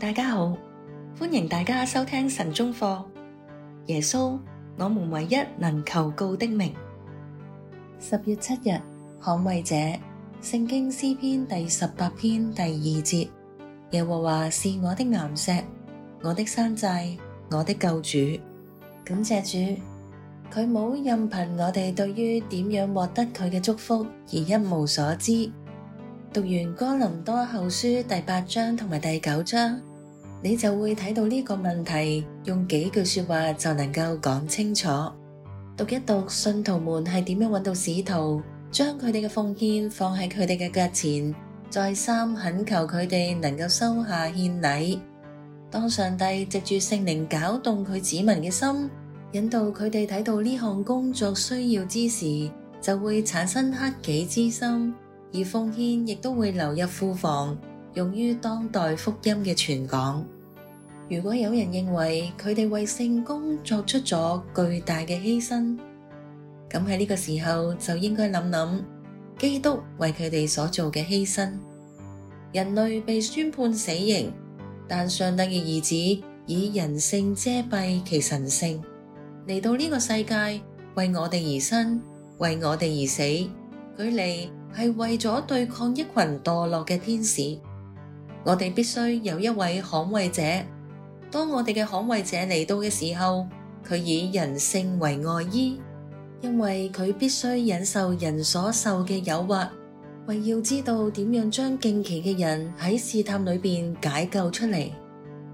大家好，歡迎大家收聽晨鐘課。耶穌，我們唯一能求告的名。十月七日，捍衛者，聖經詩篇第十八篇第二節：耶和華是我的岩石，我的山寨，我的救主。感謝主，佢冇任憑我哋對於點樣獲得佢嘅祝福而一無所知。讀完哥林多後書第八章同埋第九章。你就會睇到呢個問題，用幾句說話就能夠講清楚。讀一讀信徒們係點樣揾到使徒，將佢哋嘅奉獻放喺佢哋嘅腳前，再三懇求佢哋能夠收下獻禮。當上帝藉住聖靈攪動佢子民嘅心，引導佢哋睇到呢項工作需要之時，就會產生克己之心，而奉獻亦都會流入庫房。用於當代福音嘅傳講。如果有人認為佢哋為聖工作出咗巨大嘅犧牲，咁喺呢個時候就應該諗諗基督為佢哋所做嘅犧牲。人類被宣判死刑，但上帝嘅兒子以人性遮蔽其神性，嚟到呢個世界為我哋而生，為我哋而死。佢嚟係為咗對抗一群墮落嘅天使。我哋必須有一位捍衛者。當我哋嘅捍衛者嚟到嘅時候，佢以人性為外衣，因為佢必須忍受人所受嘅誘惑，為要知道點樣將敬虔嘅人喺試探裏邊解救出嚟。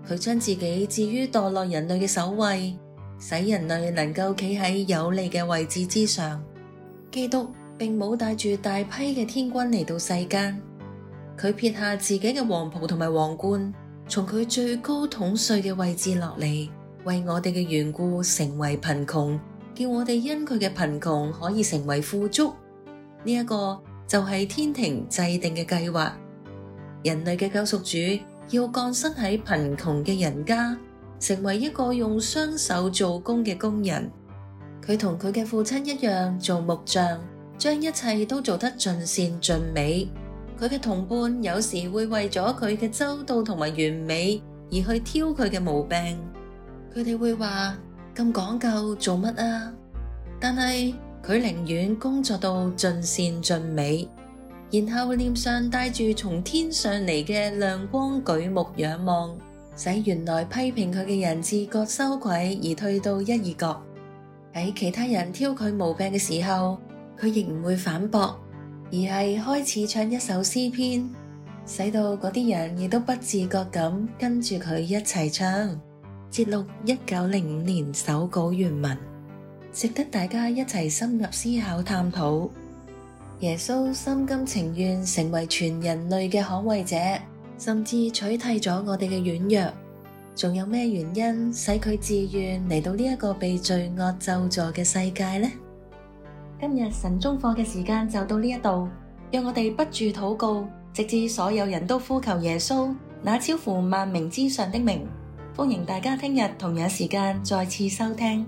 佢將自己置於墮落人類嘅首位，使人類能夠企喺有利嘅位置之上。基督並冇帶住大批嘅天軍嚟到世間。佢撇下自己嘅皇袍同埋皇冠，從佢最高統帥嘅位置落嚟，為我哋嘅緣故成為貧窮，叫我哋因佢嘅貧窮可以成為富足。呢、這、一個就係天庭制定嘅計劃。人類嘅救贖主要降生喺貧窮嘅人家，成為一個用雙手做工嘅工人。佢同佢嘅父親一樣做木匠，將一切都做得盡善盡美。佢嘅同伴有時會為咗佢嘅周到同埋完美而去挑佢嘅毛病，佢哋會話，咁講究做乜啊？但係佢寧願工作到盡善盡美，然後臉上帶住從天上嚟嘅亮光，舉目仰望，使原來批評佢嘅人自覺羞愧而退到一二角。喺其他人挑佢毛病嘅時候，佢亦唔會反駁。而係開始唱一首詩篇，使到嗰啲人亦都不自覺咁跟住佢一齊唱。節錄一九零五年手稿原文，值得大家一齊深入思考探討。耶穌心甘情願成為全人類嘅捍衛者，甚至取締咗我哋嘅軟弱。仲有咩原因使佢自願嚟到呢一個被罪惡咒詛嘅世界呢？今日神中課嘅時間就到呢一度，讓我哋不住禱告，直至所有人都呼求耶穌，那超乎萬名之上的名。歡迎大家聽日同樣時間再次收聽。